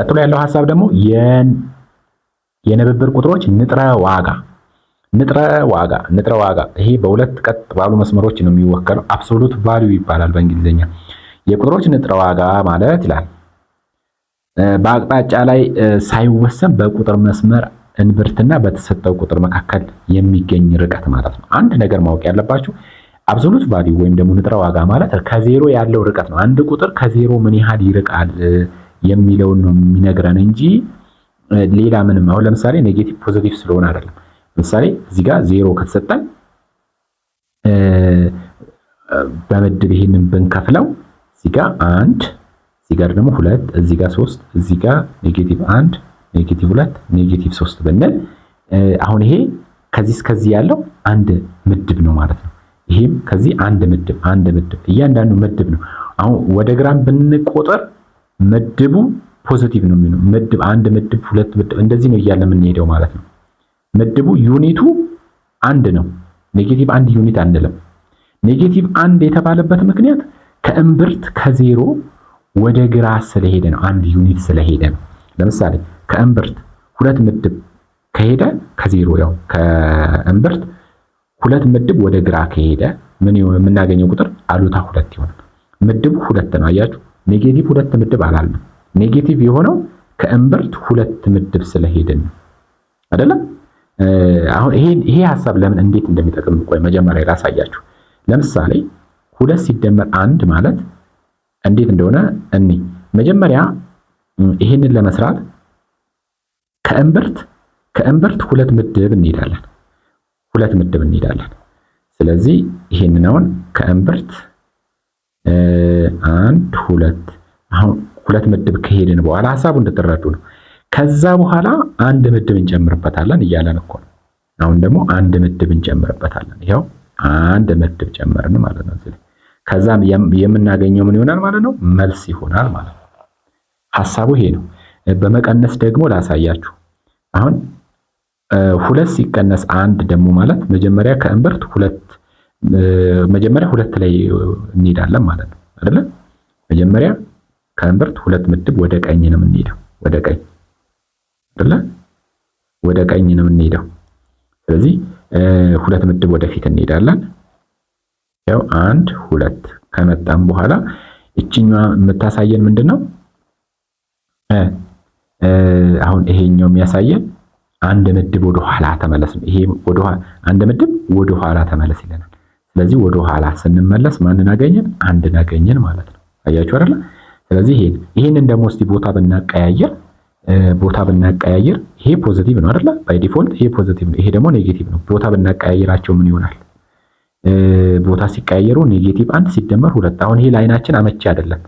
ቀጥሎ ያለው ሀሳብ ደግሞ የንብብር ቁጥሮች ንጥረ ዋጋ ንጥረ ዋጋ ንጥረ ዋጋ ይሄ በሁለት ቀጥ ባሉ መስመሮች ነው የሚወከለው። አብሶሉት ቫሊዩ ይባላል በእንግሊዝኛ። የቁጥሮች ንጥረ ዋጋ ማለት ይላል በአቅጣጫ ላይ ሳይወሰን በቁጥር መስመር እንብርትና በተሰጠው ቁጥር መካከል የሚገኝ ርቀት ማለት ነው። አንድ ነገር ማወቅ ያለባችሁ አብሶሉት ቫሊዩ ወይም ደግሞ ንጥረ ዋጋ ማለት ከዜሮ ያለው ርቀት ነው። አንድ ቁጥር ከዜሮ ምን ያህል ይርቃል የሚለውን ነው የሚነግረን እንጂ ሌላ ምንም። አሁን ለምሳሌ ኔጌቲቭ ፖዚቲቭ ስለሆነ አይደለም። ለምሳሌ እዚህ ጋር ዜሮ ከተሰጠን በምድብ ይሄንን ብንከፍለው እዚህ ጋር አንድ እዚህ ጋር ደግሞ ሁለት እዚህ ጋር ሶስት እዚህ ጋር ኔጌቲቭ አንድ ኔጌቲቭ ሁለት ኔጌቲቭ ሶስት ብንል አሁን ይሄ ከዚህ እስከዚህ ያለው አንድ ምድብ ነው ማለት ነው። ይሄም ከዚህ አንድ ምድብ አንድ ምድብ እያንዳንዱ ምድብ ነው። አሁን ወደ ግራም ብንቆጠር ምድቡ ፖዚቲቭ ነው የሚሆነው። ምድብ አንድ ምድብ ሁለት ምድብ እንደዚህ ነው እያለ የምንሄደው ማለት ነው። ምድቡ ዩኒቱ አንድ ነው። ኔጌቲቭ አንድ ዩኒት አንልም። ኔጌቲቭ አንድ የተባለበት ምክንያት ከእምብርት ከዜሮ ወደ ግራ ስለሄደ ነው። አንድ ዩኒት ስለሄደ ነው። ለምሳሌ ከእምብርት ሁለት ምድብ ከሄደ ከዜሮ ያው ከእምብርት ሁለት ምድብ ወደ ግራ ከሄደ ምን የምናገኘው ቁጥር አሉታ ሁለት ይሆናል። ምድቡ ሁለት ነው። አያችሁ ኔጌቲቭ ሁለት ምድብ አላል ኔጌቲቭ የሆነው ከእምብርት ሁለት ምድብ ስለሄድን አይደለም። አሁን ይሄ ሀሳብ ለምን እንዴት እንደሚጠቅም ቆይ መጀመሪያ ላሳያችሁ። ለምሳሌ ሁለት ሲደመር አንድ ማለት እንዴት እንደሆነ እኔ መጀመሪያ ይሄንን ለመስራት ከእምብርት ከእምብርት ሁለት ምድብ እንሄዳለን ሁለት ምድብ እንሄዳለን። ስለዚህ ይሄንን አሁን ከእምብርት አንድ ሁለት አሁን ሁለት ምድብ ከሄድን በኋላ ሀሳቡ እንድትረዱ ነው። ከዛ በኋላ አንድ ምድብ እንጨምርበታለን እያለን እኮ ነው። አሁን ደግሞ አንድ ምድብ እንጨምርበታለን። ይኸው አንድ ምድብ ጨመርን ማለት ነው። እዚህ ከዛ የምናገኘው ምን ይሆናል ማለት ነው? መልስ ይሆናል ማለት ነው። ሀሳቡ ይሄ ነው። በመቀነስ ደግሞ ላሳያችሁ። አሁን ሁለት ሲቀነስ አንድ ደግሞ ማለት መጀመሪያ ከእምብርት ሁለት መጀመሪያ ሁለት ላይ እንሄዳለን ማለት ነው አይደለ? መጀመሪያ ከእምብርት ሁለት ምድብ ወደ ቀኝ ነው የምንሄደው፣ ወደ ቀኝ አይደለ? ወደ ቀኝ ነው የምንሄደው። ስለዚህ ሁለት ምድብ ወደፊት እንሄዳለን። ያው አንድ ሁለት ከመጣም በኋላ እችኛዋ የምታሳየን ምንድን ነው? አሁን ይሄኛው የሚያሳየን አንድ ምድብ ወደ ኋላ ተመለስ። ይሄ አንድ ምድብ ወደ ኋላ ተመለስ ይለናል። ስለዚህ ወደ ኋላ ስንመለስ ማንን አገኘን? አንድን አገኘን ማለት ነው። አያችሁ አይደለ? ስለዚህ ይሄን ይሄንን ደግሞ እስቲ ቦታ ብናቀያየር ቦታ ብናቀያየር ይሄ ፖዚቲቭ ነው አይደለ? ባይ ዲፎልት ይሄ ፖዚቲቭ ነው፣ ይሄ ደግሞ ኔጌቲቭ ነው። ቦታ ብናቀያየራቸው ምን ይሆናል? ቦታ ሲቀያየሩ ኔጌቲቭ አንድ ሲደመር ሁለት። አሁን ይሄ ላይናችን አመቺ አይደለም።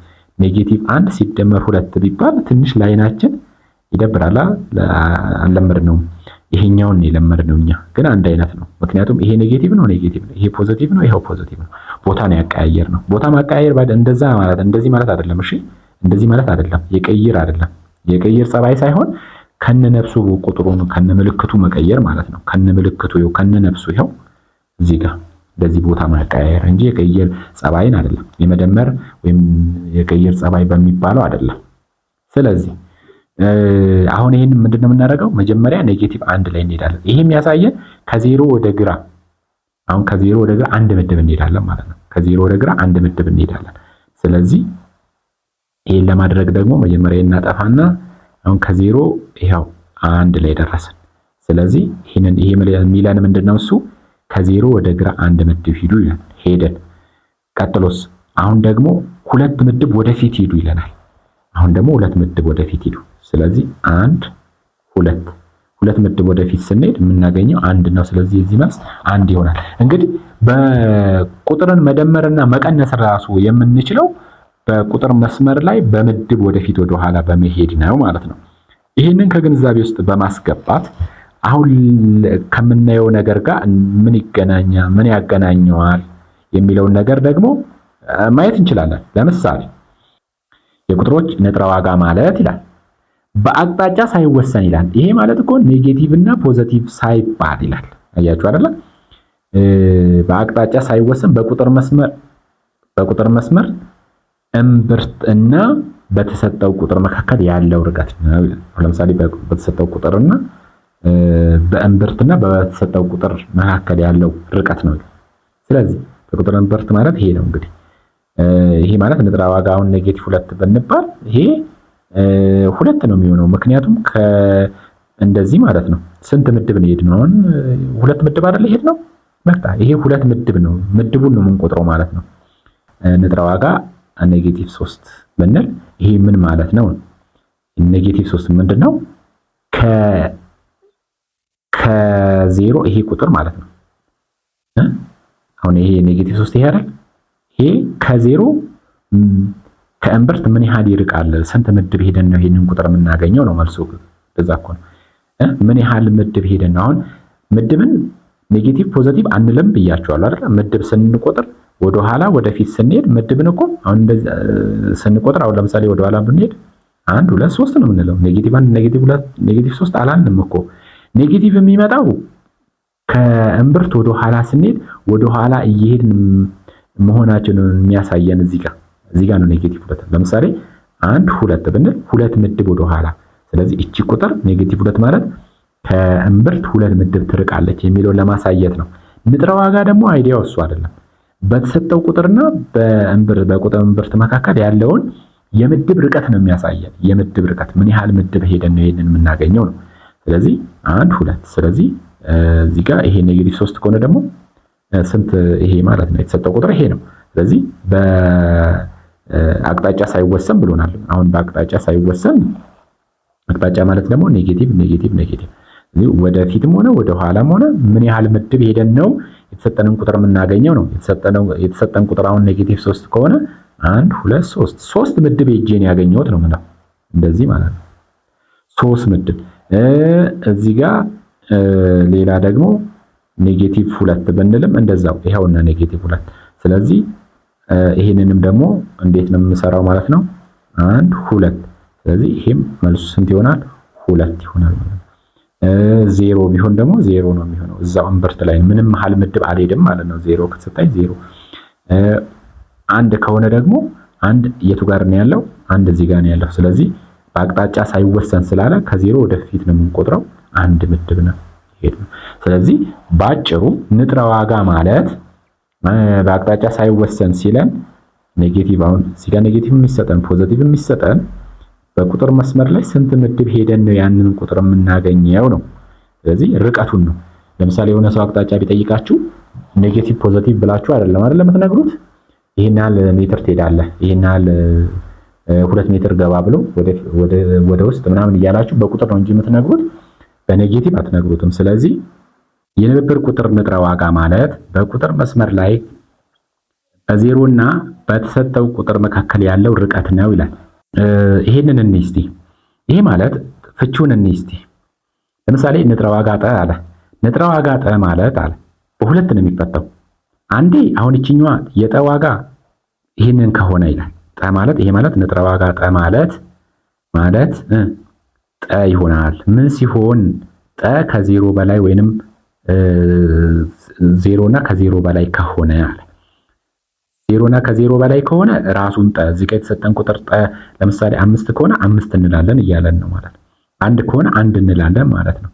ኔጌቲቭ አንድ ሲደመር ሁለት ቢባል ትንሽ ላይናችን ይደብራል፣ አልለመድነውም። ይሄኛውን የለመድነው እኛ ግን አንድ አይነት ነው። ምክንያቱም ይሄ ኔጌቲቭ ነው፣ ኔጌቲቭ ነው፣ ይሄ ፖዚቲቭ ነው፣ ይሄው ፖዚቲቭ ነው። ቦታ ነው ያቀያየር ነው። ቦታ ማቀያየር እንደዛ ማለት እንደዚህ ማለት አይደለም። እሺ እንደዚህ ማለት አይደለም። የቀይር አይደለም። የቀይር ጸባይ ሳይሆን ከነ ነፍሱ ቁጥሩን ከነ ምልክቱ መቀየር ማለት ነው። ከነ ምልክቱ ይኸው ከነ ነፍሱ ይኸው እዚህ ጋር እንደዚህ ቦታ ማቀያየር እንጂ የቀይር ጸባይን አይደለም። የመደመር ወይም የቀይር ጸባይ በሚባለው አይደለም። ስለዚህ አሁን ይህን ምንድነው የምናደርገው? መጀመሪያ ኔጌቲቭ አንድ ላይ እንሄዳለን። ይሄ የሚያሳየን ከዜሮ ወደ ግራ አሁን ከዜሮ ወደ ግራ አንድ ምድብ እንሄዳለን ማለት ነው። ከዜሮ ወደ ግራ አንድ ምድብ እንሄዳለን። ስለዚህ ይህን ለማድረግ ደግሞ መጀመሪያ እናጠፋና አሁን ከዜሮ ይኸው አንድ ላይ ደረስን። ስለዚህ ይሄንን ይሄ ሚለን ምንድነው እሱ ከዜሮ ወደ ግራ አንድ ምድብ ሂዱ ይላል። ሄደን ቀጥሎስ አሁን ደግሞ ሁለት ምድብ ወደፊት ሂዱ ይለናል። አሁን ደግሞ ሁለት ምድብ ወደፊት ሂዱ ስለዚህ አንድ ሁለት ሁለት ምድብ ወደፊት ስንሄድ የምናገኘው አንድ ነው። ስለዚህ የዚህ መልስ አንድ ይሆናል። እንግዲህ በቁጥርን መደመርና መቀነስ ራሱ የምንችለው በቁጥር መስመር ላይ በምድብ ወደፊት ወደኋላ በመሄድ ነው ማለት ነው። ይህንን ከግንዛቤ ውስጥ በማስገባት አሁን ከምናየው ነገር ጋር ምን ይገናኛ ምን ያገናኘዋል የሚለውን ነገር ደግሞ ማየት እንችላለን። ለምሳሌ የቁጥሮች ንጥረ ዋጋ ማለት ይላል በአቅጣጫ ሳይወሰን ይላል። ይሄ ማለት እኮ ኔጌቲቭ እና ፖዘቲቭ ሳይባል ይላል። አያችሁ አይደለ? በአቅጣጫ ሳይወሰን በቁጥር መስመር በቁጥር መስመር እምብርት እና በተሰጠው ቁጥር መካከል ያለው ርቀት ነው። ለምሳሌ በተሰጠው ቁጥርና በእምብርትና በተሰጠው ቁጥር መካከል ያለው ርቀት ነው። ስለዚህ በቁጥር እምብርት ማለት ይሄ ነው። እንግዲህ ይሄ ማለት ንጥረ ዋጋ አሁን ኔጌቲቭ ሁለት ብንባል ይሄ ሁለት ነው የሚሆነው። ምክንያቱም እንደዚህ ማለት ነው። ስንት ምድብ ነው የሄድነው? ሁለት ምድብ አይደል የሄድነው? በቃ ይሄ ሁለት ምድብ ነው። ምድቡን ነው የምንቆጥረው ማለት ነው። ንጥረ ዋጋ ኔጌቲቭ ሶስት ብንል ይሄ ምን ማለት ነው? ኔጌቲቭ ሶስት ምንድን ነው? ከዜሮ ይሄ ቁጥር ማለት ነው። አሁን ይሄ ኔጌቲቭ ሶስት ይሄ አይደል? ይሄ ከዜሮ ከእምብርት ምን ያህል ይርቃል? ስንት ምድብ ሄደን ነው ይሄንን ቁጥር የምናገኘው? ነው መልሶ እዛ እኮ ነው ምን ያህል ምድብ ሄደን ነው። አሁን ምድብን ኔጌቲቭ ፖዘቲቭ አንልም ብያቸዋለሁ አይደል? ምድብ ስንቆጥር ወደኋላ ወደፊት ስንሄድ ምድብን እኮ አሁን ስንቆጥር አሁን ለምሳሌ ኋላ ብንሄድ አንድ ሁለት ሶስት ነው የምንለው። ኔጌቲቭ አንድ ኔጌቲቭ ሁለት ኔጌቲቭ ሶስት አላልንም እኮ ኔጌቲቭ የሚመጣው ከእምብርት ኋላ ስንሄድ ወደኋላ እየሄድን መሆናችንን የሚያሳየን እዚህ ጋር እዚህ ጋር ነው ኔጌቲቭ ሁለት። ለምሳሌ አንድ ሁለት ብንል ሁለት ምድብ ወደ ኋላ። ስለዚህ እቺ ቁጥር ኔጌቲቭ ሁለት ማለት ከእምብርት ሁለት ምድብ ትርቃለች የሚለውን ለማሳየት ነው። ንጥረ ዋጋ ደግሞ አይዲያው እሱ አይደለም። በተሰጠው ቁጥርና በእምብር በቁጥር እምብርት መካከል ያለውን የምድብ ርቀት ነው የሚያሳየን። የምድብ ርቀት ምን ያህል ምድብ ሄደን ነው ይሄንን የምናገኘው ነው። ስለዚህ አንድ ሁለት። ስለዚህ እዚህ ጋር ይሄ ኔጌቲቭ ሶስት ከሆነ ደግሞ ስንት ይሄ ማለት ነው? የተሰጠው ቁጥር ይሄ ነው። ስለዚህ በ አቅጣጫ ሳይወሰን ብሎናል። አሁን በአቅጣጫ ሳይወሰን አቅጣጫ ማለት ደግሞ ኔጌቲቭ ኔጌቲቭ ኔጌቲቭ ወደፊትም ሆነ ወደ ኋላም ሆነ ምን ያህል ምድብ ሄደን ነው የተሰጠንን ቁጥር የምናገኘው ነው። የተሰጠን ቁጥር አሁን ኔጌቲቭ ሶስት ከሆነ አንድ ሁለት ሶስት ሶስት ምድብ የእጄን ያገኘሁት ነው ምለው እንደዚህ ማለት ነው። ሶስት ምድብ እዚህ ጋር ሌላ ደግሞ ኔጌቲቭ ሁለት ብንልም እንደዛው ይኸውና ኔጌቲቭ ሁለት ስለዚህ ይህንንም ደግሞ እንዴት ነው የምሰራው ማለት ነው አንድ ሁለት። ስለዚህ ይሄም መልሱ ስንት ይሆናል? ሁለት ይሆናል ማለት ነው። ዜሮ ቢሆን ደግሞ ዜሮ ነው የሚሆነው እዛው እምብርት ላይ ምንም መሀል ምድብ አልሄድም ማለት ነው። ዜሮ ከተሰጣኝ ዜሮ። አንድ ከሆነ ደግሞ አንድ የቱ ጋር ነው ያለው? አንድ እዚህ ጋር ነው ያለው። ስለዚህ በአቅጣጫ ሳይወሰን ስላለ ከዜሮ ወደፊት ነው የምንቆጥረው። አንድ ምድብ ነው ይሄድ ነው። ስለዚህ ባጭሩ ንጥረ ዋጋ ማለት በአቅጣጫ ሳይወሰን ሲለን ኔጌቲቭ አሁን እዚህ ጋር ኔጌቲቭ የሚሰጠን ፖዘቲቭ የሚሰጠን በቁጥር መስመር ላይ ስንት ምድብ ሄደን ነው ያንን ቁጥር የምናገኘው ነው። ስለዚህ ርቀቱን ነው። ለምሳሌ የሆነ ሰው አቅጣጫ ቢጠይቃችሁ ኔጌቲቭ ፖዘቲቭ ብላችሁ አይደለም አይደል የምትነግሩት። ይህን ያህል ሜትር ትሄዳለህ፣ ይህን ያህል ሁለት ሜትር ገባ ብሎ ወደ ውስጥ ምናምን እያላችሁ በቁጥር ነው እንጂ የምትነግሩት በኔጌቲቭ አትነግሩትም። ስለዚህ የንብብር ቁጥር ንጥረ ዋጋ ማለት በቁጥር መስመር ላይ በዜሮ እና በተሰጠው ቁጥር መካከል ያለው ርቀት ነው ይላል። ይሄንን እንይ እስቲ። ይሄ ማለት ፍቺውን እንይ እስቲ። ለምሳሌ ንጥረ ዋጋ ጠ አለ። ንጥረ ዋጋ ጠ ማለት አለ በሁለት ነው የሚፈታው። አንዴ አሁን ይችኛዋ የጠ ዋጋ ይህንን ከሆነ ይላል ጠ ማለት ይሄ ማለት ንጥረ ዋጋ ጠ ማለት ማለት ጠ ይሆናል። ምን ሲሆን ጠ ከዜሮ በላይ ወይንም ዜሮ እና ከዜሮ በላይ ከሆነ ዜሮ እና ከዜሮ በላይ ከሆነ ራሱን ጠ እዚህ ጋር የተሰጠን ቁጥር ጠ ለምሳሌ አምስት ከሆነ አምስት እንላለን እያለን ነው ማለት ነው። አንድ ከሆነ አንድ እንላለን ማለት ነው።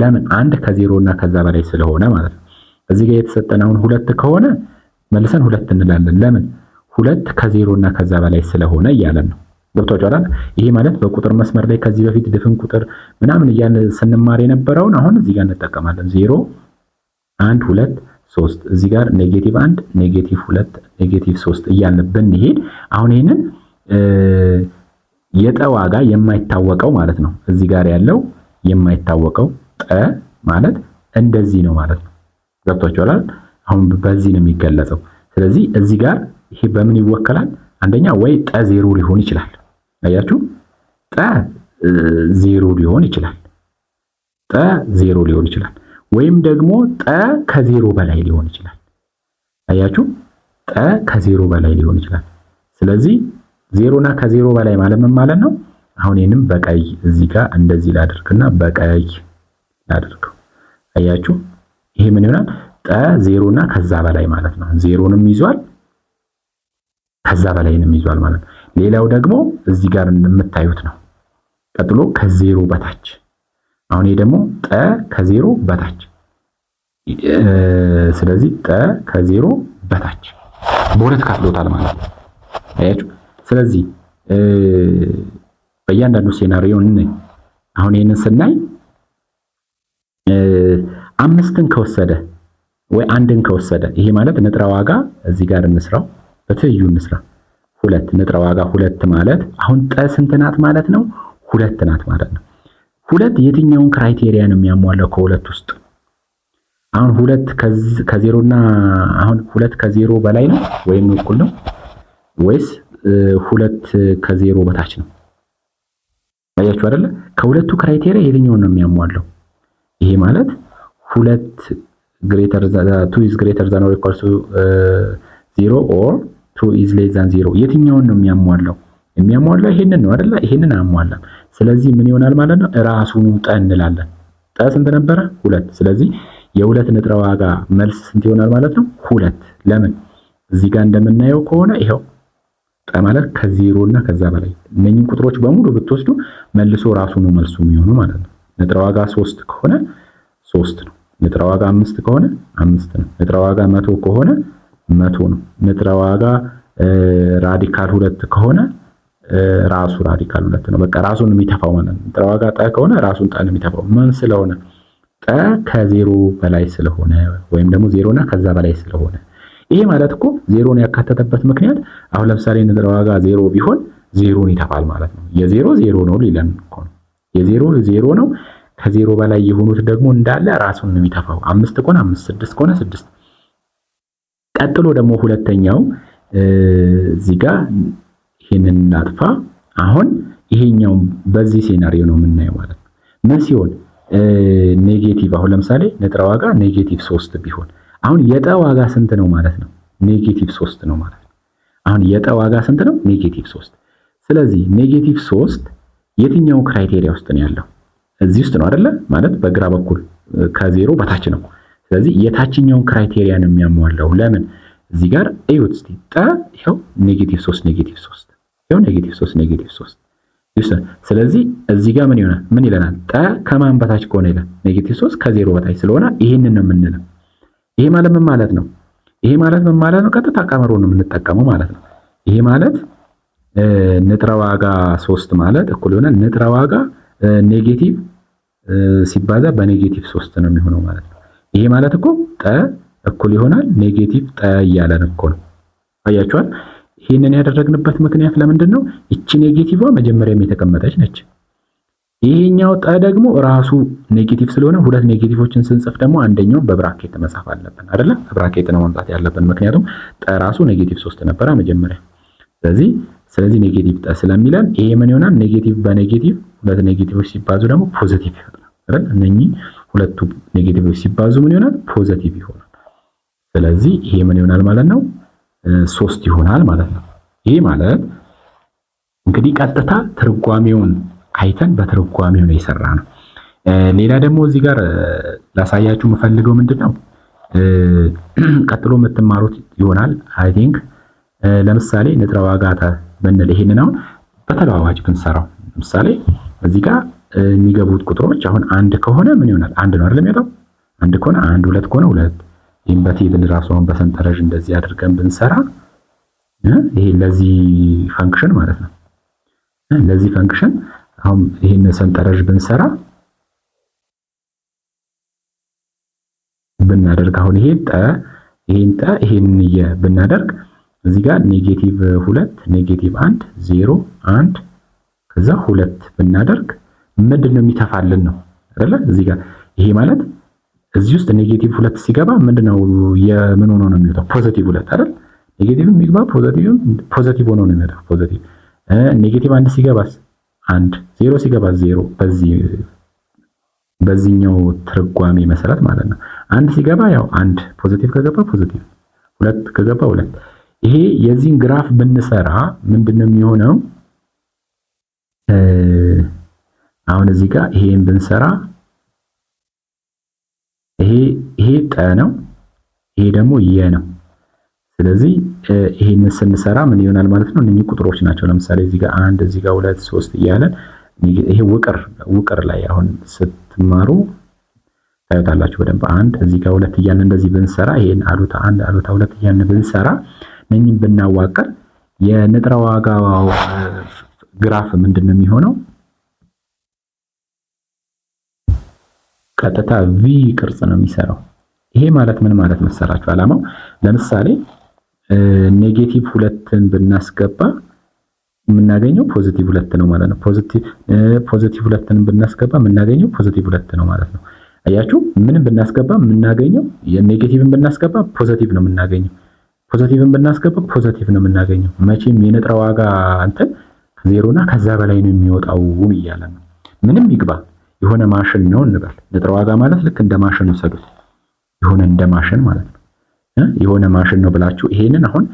ለምን አንድ ከዜሮ እና ከዛ በላይ ስለሆነ ማለት ነው። እዚህ ጋር የተሰጠን አሁን ሁለት ከሆነ መልሰን ሁለት እንላለን። ለምን ሁለት ከዜሮ እና ከዛ በላይ ስለሆነ እያለን ነው። ገብቷቸዋል። ይሄ ማለት በቁጥር መስመር ላይ ከዚህ በፊት ድፍን ቁጥር ምናምን እያን ስንማር የነበረውን አሁን እዚህ ጋር እንጠቀማለን። ዜሮ አንድ ሁለት ሶስት እዚህ ጋር ኔጌቲቭ አንድ ኔጌቲቭ ሁለት ኔጌቲቭ ሶስት እያልን ብንሄድ አሁን ይህንን የጠ ዋጋ የማይታወቀው ማለት ነው። እዚህ ጋር ያለው የማይታወቀው ጠ ማለት እንደዚህ ነው ማለት ነው። ገብቷቸዋል። አሁን በዚህ ነው የሚገለጸው። ስለዚህ እዚህ ጋር ይሄ በምን ይወከላል? አንደኛ ወይ ጠ ዜሮ ሊሆን ይችላል። አያችሁ ጠ ዜሮ ሊሆን ይችላል። ጠ ዜሮ ሊሆን ይችላል። ወይም ደግሞ ጠ ከዜሮ በላይ ሊሆን ይችላል። አያችሁ ጠ ከዜሮ በላይ ሊሆን ይችላል። ስለዚህ ዜሮና ከዜሮ በላይ ማለት ምን ማለት ነው? አሁን ይህንም በቀይ እዚህ ጋር እንደዚህ ላድርግና በቀይ ላድርገው። አያችሁ ይሄ ምን ይሆናል? ጠ ዜሮና ከዛ በላይ ማለት ነው። ዜሮንም ይዟል ከዛ በላይንም ይዟል ማለት ነው። ሌላው ደግሞ እዚህ ጋር የምታዩት ነው። ቀጥሎ ከዜሮ በታች አሁን ይሄ ደግሞ ጠ ከዜሮ በታች ስለዚህ ጠ ከዜሮ በታች በሁለት ከፍሎታል ማለት አያችሁ። ስለዚህ በእያንዳንዱ ሴናሪዮ አሁን ይህንን ስናይ አምስትን ከወሰደ ወይ አንድን ከወሰደ ይሄ ማለት ንጥረ ዋጋ እዚህ ጋር እንስራው፣ በትይዩ እንስራ ሁለት ንጥረ ዋጋ ሁለት ማለት አሁን ጠ ስንት ናት ማለት ነው? ሁለት ናት ማለት ነው። ሁለት የትኛውን ክራይቴሪያ ነው የሚያሟላው ከሁለት ውስጥ? አሁን ሁለት ከዜሮ እና አሁን ሁለት ከዜሮ በላይ ነው ወይም እኩል ነው ወይስ ሁለት ከዜሮ በታች ነው? አያችሁ አይደለ? ከሁለቱ ክራይቴሪያ የትኛውን ነው የሚያሟላው? ይሄ ማለት ሁለት ግሬተር ቱ ኢዝ ግሬተር ዛን ኦር ኢኳል ቱ ዜሮ ኦር ቱ ኢዝ ሌስ ዛን ዜሮ የትኛውን ነው የሚያሟላው? የሚያሟላው ይሄንን ነው አይደለ? ይሄንን አያሟላም። ስለዚህ ምን ይሆናል ማለት ነው? ራሱን ጠ እንላለን። ጠ ስንት ነበረ? ሁለት። ስለዚህ የሁለት ንጥረ ዋጋ መልስ ስንት ይሆናል ማለት ነው? ሁለት። ለምን እዚህ ጋር እንደምናየው ከሆነ ይኸው ጠ ማለት ከዜሮ እና ከዛ በላይ እነኚህን ቁጥሮች በሙሉ ብትወስዱ መልሶ ራሱ ነው መልሱ የሚሆኑ ማለት ነው። ንጥረ ዋጋ ሶስት ከሆነ ሶስት ነው። ንጥረ ዋጋ አምስት ከሆነ አምስት ነው። ንጥረ ዋጋ መቶ ከሆነ መቶ ነው። ንጥረ ዋጋ ራዲካል ሁለት ከሆነ ራሱ ራዲካል ሁለት ነው። በቃ ራሱን የሚተፋው ማለት ነው። ንጥረ ዋጋ ጠ ከሆነ ራሱን ጠን የሚተፋው ምን ስለሆነ ጠ ከዜሮ በላይ ስለሆነ ወይም ደግሞ ዜሮና ከዛ በላይ ስለሆነ ይሄ ማለት እኮ ዜሮን ያካተተበት ምክንያት አሁን ለምሳሌ ንጥረ ዋጋ ዜሮ ቢሆን ዜሮን ይተፋል ማለት ነው። የዜሮ ዜሮ ነው ሊለን እኮ ነው። የዜሮ ዜሮ ነው። ከዜሮ በላይ የሆኑት ደግሞ እንዳለ ራሱን ነው የሚተፋው። አምስት ከሆነ አምስት፣ ስድስት ከሆነ ስድስት ቀጥሎ ደግሞ ሁለተኛው እዚህ ጋር ይህንን እናጥፋ። አሁን ይሄኛውን በዚህ ሴናሪዮ ነው የምናየው ማለት ነው። ምን ሲሆን ኔጌቲቭ፣ አሁን ለምሳሌ ንጥረ ዋጋ ኔጌቲቭ ሶስት ቢሆን አሁን የጠ ዋጋ ስንት ነው ማለት ነው? ኔጌቲቭ ሶስት ነው ማለት ነው። አሁን የጠ ዋጋ ስንት ነው? ኔጌቲቭ ሶስት ስለዚህ ኔጌቲቭ ሶስት የትኛው ክራይቴሪያ ውስጥ ነው ያለው? እዚህ ውስጥ ነው አይደለ? ማለት በግራ በኩል ከዜሮ በታች ነው። ስለዚህ የታችኛውን ክራይቴሪያ ነው የሚያሟላው። ለምን እዚህ ጋር እዩት እስቲ ጠ ይኸው ኔጌቲቭ ሶስት ኔጌቲቭ ሶስት ይኸው ኔጌቲቭ ሶስት ኔጌቲቭ ሶስት ስለዚህ እዚህ ጋር ምን ይሆናል? ምን ይለናል? ጠ ከማን በታች ከሆነ ይላል ኔጌቲቭ ሶስት ከዜሮ በታች ስለሆነ ይህንን ነው የምንለው። ይሄ ማለት ምን ማለት ነው? ይሄ ማለት ምን ማለት ነው? ቀጥታ ቀመሮ ነው የምንጠቀመው ማለት ነው። ይሄ ማለት ንጥረ ዋጋ ሶስት ማለት እኩል ይሆናል ንጥረ ዋጋ ኔጌቲቭ ሲባዛ በኔጌቲቭ ሶስት ነው የሚሆነው ማለት ነው። ይሄ ማለት እኮ ጠ እኩል ይሆናል ኔጌቲቭ ጠ እያለን እኮ ነው። አያችኋል? ይህንን ያደረግንበት ምክንያት ለምንድን ነው? ይቺ ኔጌቲቭዋ መጀመሪያም የተቀመጠች ነች። ይሄኛው ጠ ደግሞ ራሱ ኔጌቲቭ ስለሆነ ሁለት ኔጌቲቮችን ስንጽፍ ደግሞ አንደኛው በብራኬት መጻፍ አለብን አይደለ? በብራኬት ነው መምጣት ያለብን፣ ምክንያቱም ጠ ራሱ ኔጌቲቭ ሶስት ነበረ መጀመሪያ። ስለዚህ ስለዚህ ኔጌቲቭ ጠ ስለሚለን ይሄ ምን ይሆናል? ኔጌቲቭ በኔጌቲቭ ሁለት ኔጌቲቮች ሲባዙ ደግሞ ፖዚቲቭ ይሆናል አይደል? እነኚህ ሁለቱ ኔጌቲቭ ሲባዙ ምን ይሆናል? ፖዘቲቭ ይሆናል። ስለዚህ ይሄ ምን ይሆናል ማለት ነው? ሶስት ይሆናል ማለት ነው። ይሄ ማለት እንግዲህ ቀጥታ ትርጓሜውን አይተን በትርጓሜው ነው የሰራ ነው። ሌላ ደግሞ እዚህ ጋር ላሳያችሁ የምፈልገው ምንድን ነው ቀጥሎ የምትማሩት ይሆናል። አይ ቲንክ ለምሳሌ ንጥረ ዋጋ ብንል ይሄንን አሁን በተለዋዋጭ ብንሰራው ለምሳሌ እዚህ ጋር የሚገቡት ቁጥሮች አሁን አንድ ከሆነ ምን ይሆናል? አንድ ነው አይደል የሚወጣው? አንድ ከሆነ አንድ፣ ሁለት ከሆነ ሁለት። ይህም በቴብል ራሷን በሰንጠረዥ እንደዚህ አድርገን ብንሰራ ይሄ ለዚህ ፈንክሽን ማለት ነው። ለዚህ ፈንክሽን አሁን ይህን ሰንጠረዥ ብንሰራ ብናደርግ አሁን ይሄ ጠ ይሄን ጠ ይሄን የ ብናደርግ እዚህ ጋር ኔጌቲቭ ሁለት ኔጌቲቭ አንድ ዜሮ አንድ ከዛ ሁለት ብናደርግ ምንድን ነው የሚተፋልን ነው አይደለ? እዚህ ጋር ይሄ ማለት እዚህ ውስጥ ኔጌቲቭ ሁለት ሲገባ ምንድነው ነው የምን ሆኖ ነው የሚወጣው? ፖዘቲቭ ሁለት አይደል? ኔጌቲቭ የሚገባ ፖዘቲቭ ፖዘቲቭ ሆኖ ነው የሚወጣው። ፖዘቲቭ ኔጌቲቭ አንድ ሲገባስ አንድ፣ ዜሮ ሲገባ ዜሮ። በዚህ በዚህኛው ትርጓሜ መሰረት ማለት ነው አንድ ሲገባ ያው አንድ፣ ፖዘቲቭ ከገባ ፖዘቲቭ፣ ሁለት ከገባ ሁለት። ይሄ የዚህን ግራፍ ብንሰራ ምንድነው የሚሆነው? አሁን እዚህ ጋር ይሄን ብንሰራ ይሄ ይሄ ጠ ነው፣ ይሄ ደግሞ የ ነው። ስለዚህ ይሄን ስንሰራ ምን ይሆናል ማለት ነው? እነኚህ ቁጥሮች ናቸው። ለምሳሌ እዚህ ጋር አንድ፣ እዚህ ጋር ሁለት፣ ሶስት እያለን ይሄ ውቅር ውቅር ላይ አሁን ስትማሩ ታዩታላችሁ በደንብ። አንድ እዚህ ጋር ሁለት እያልን እንደዚህ ብንሰራ ይሄን አሉታ አንድ አሉታ ሁለት እያለን ብንሰራ እነኚህን ብናዋቅር የንጥረ ዋጋ ግራፍ ምንድን ነው የሚሆነው? ቀጥታ ቪ ቅርጽ ነው የሚሰራው። ይሄ ማለት ምን ማለት መሰላችሁ? አላማው ለምሳሌ ኔጌቲቭ ሁለትን ብናስገባ የምናገኘው ፖዚቲቭ ሁለት ነው ማለት ነው። ፖዚቲቭ ሁለትን ብናስገባ የምናገኘው ፖዚቲቭ ሁለት ነው ማለት ነው። አያችሁ፣ ምንም ብናስገባ የምናገኘው ኔጌቲቭን ብናስገባ ፖዚቲቭ ነው የምናገኘው። ፖዚቲቭን ብናስገባ ፖዚቲቭ ነው የምናገኘው። መቼም የንጥረ ዋጋ እንትን ዜሮና ከዛ በላይ ነው የሚወጣው እያለ ነው። ምንም ይግባ የሆነ ማሽን ነው እንበል። ንጥረ ዋጋ ማለት ልክ እንደ ማሽን ውሰዱት። የሆነ እንደ ማሽን ማለት ነው። የሆነ ማሽን ነው ብላችሁ ይሄንን አሁን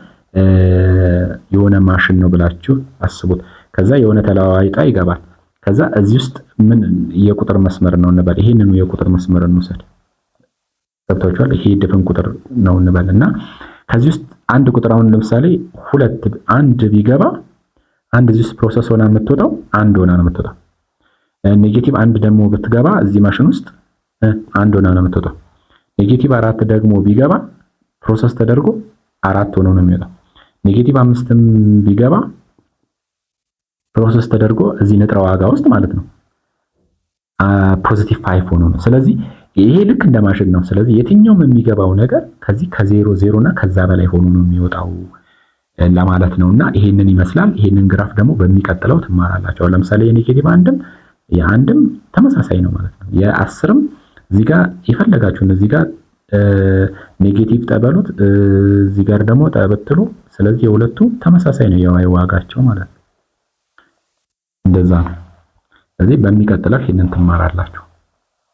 የሆነ ማሽን ነው ብላችሁ አስቡት። ከዛ የሆነ ተለዋዋጭ ዕቃ ይገባል። ከዛ እዚህ ውስጥ ምን የቁጥር መስመር ነው እንበል። ይሄንን የቁጥር መስመር እንውሰድ። ገብታችኋል? ይሄ ድፍን ቁጥር ነው እንበል እና ከዚህ ውስጥ አንድ ቁጥር አሁን ለምሳሌ ሁለት አንድ ቢገባ አንድ እዚህ ውስጥ ፕሮሰስ ሆና የምትወጣው አንድ ሆና ነው የምትወጣው ኔጌቲቭ አንድ ደግሞ ብትገባ እዚህ ማሽን ውስጥ አንድ ሆና ነው የምትወጣው። ኔጌቲቭ አራት ደግሞ ቢገባ ፕሮሰስ ተደርጎ አራት ሆኖ ነው የሚወጣው። ኔጌቲቭ አምስትም ቢገባ ፕሮሰስ ተደርጎ እዚህ ንጥረ ዋጋ ውስጥ ማለት ነው ፖዚቲቭ ፋይቭ ሆኖ ነው። ስለዚህ ይሄ ልክ እንደ ማሽን ነው። ስለዚህ የትኛውም የሚገባው ነገር ከዚህ ከዜሮ ዜሮ እና ከዛ በላይ ሆኖ ነው የሚወጣው ለማለት ነው። እና ይሄንን ይመስላል። ይሄንን ግራፍ ደግሞ በሚቀጥለው ትማራላችሁ። ለምሳሌ የኔጌቲቭ አንድም የአንድም ተመሳሳይ ነው ማለት ነው። የአስርም እዚህ ጋር የፈለጋችሁን እዚህ ጋር ኔጌቲቭ ጠበሉት፣ እዚህ ጋር ደግሞ ጠብትሉ። ስለዚህ የሁለቱ ተመሳሳይ ነው የዋይ ዋጋቸው ማለት ነው። እንደዛ ነው። ስለዚህ በሚቀጥለው ይህንን ትማራላችሁ።